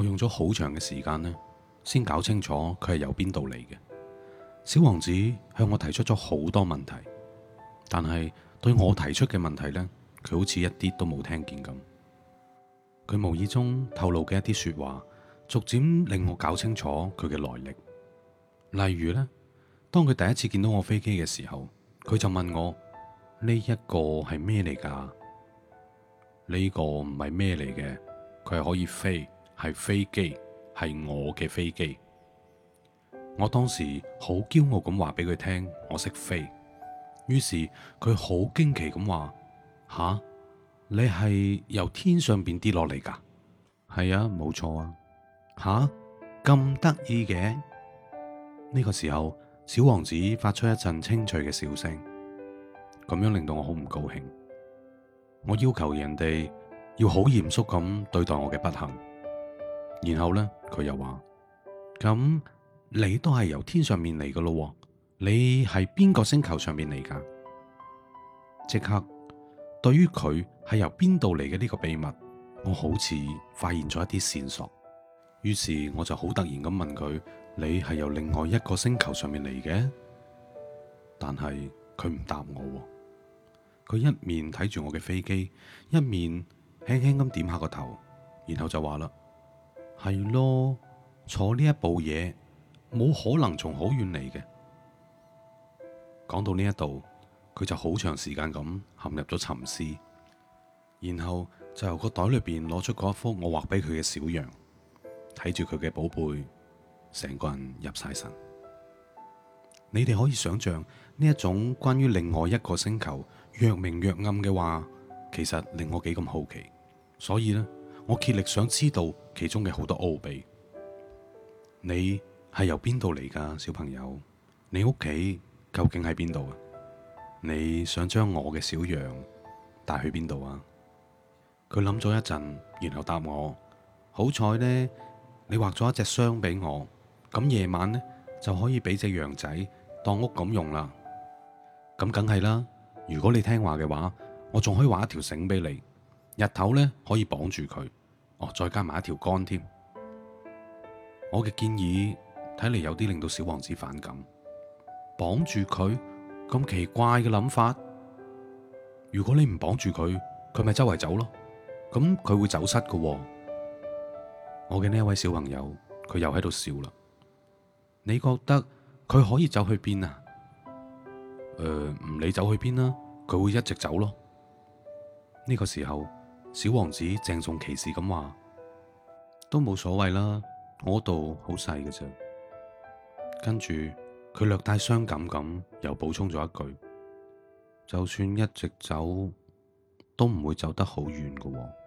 我用咗好長嘅時間呢，先搞清楚佢係由邊度嚟嘅。小王子向我提出咗好多問題，但係對我提出嘅問題呢，佢好似一啲都冇聽見咁。佢無意中透露嘅一啲說話，逐漸令我搞清楚佢嘅來歷。例如呢，當佢第一次見到我飛機嘅時候，佢就問我：呢一個係咩嚟噶？呢個唔係咩嚟嘅？佢係可以飛。係飛機，係我嘅飛機。我當時好驕傲咁話俾佢聽，我識飛。於是佢好驚奇咁話：吓，你係由天上邊跌落嚟噶？係啊，冇錯啊。吓，咁得意嘅？呢個時候，小王子發出一陣清脆嘅笑聲，咁樣令到我好唔高興。我要求人哋要好嚴肅咁對待我嘅不幸。然後呢，佢又話：咁你都係由天上面嚟噶咯？你係邊個星球上面嚟噶？即刻對於佢係由邊度嚟嘅呢個秘密，我好似發現咗一啲線索。於是我就好突然咁問佢：你係由另外一個星球上面嚟嘅？但係佢唔答我。佢一面睇住我嘅飛機，一面輕輕咁點點下個頭，然後就話啦。係咯，坐呢一部嘢冇可能從好遠嚟嘅。講到呢一度，佢就好長時間咁陷入咗沉思，然後就由個袋裏邊攞出嗰一幅我畫俾佢嘅小羊，睇住佢嘅寶貝，成個人入晒神。你哋可以想象呢一種關於另外一個星球若明若暗嘅話，其實令我幾咁好奇，所以呢。我竭力想知道其中嘅好多奧秘。你係由邊度嚟噶，小朋友？你屋企究竟喺邊度啊？你想將我嘅小羊帶去邊度啊？佢諗咗一陣，然後答我：好彩呢，你畫咗一隻箱俾我，咁夜晚呢就可以俾隻羊仔當屋咁用啦。咁梗係啦，如果你聽話嘅話，我仲可以畫一條繩俾你，日頭呢可以綁住佢。哦，再加埋一條桿添。我嘅建議睇嚟有啲令到小王子反感，綁住佢咁奇怪嘅諗法。如果你唔綁住佢，佢咪周圍走咯，咁佢會走失嘅。我嘅呢一位小朋友，佢又喺度笑啦。你覺得佢可以走去邊啊？誒、呃，唔理走去邊啦，佢會一直走咯。呢、這個時候。小王子鄭重其事咁話：都冇所謂啦，我度好細嘅啫。跟住佢略帶傷感咁，又補充咗一句：就算一直走，都唔會走得好遠嘅喎。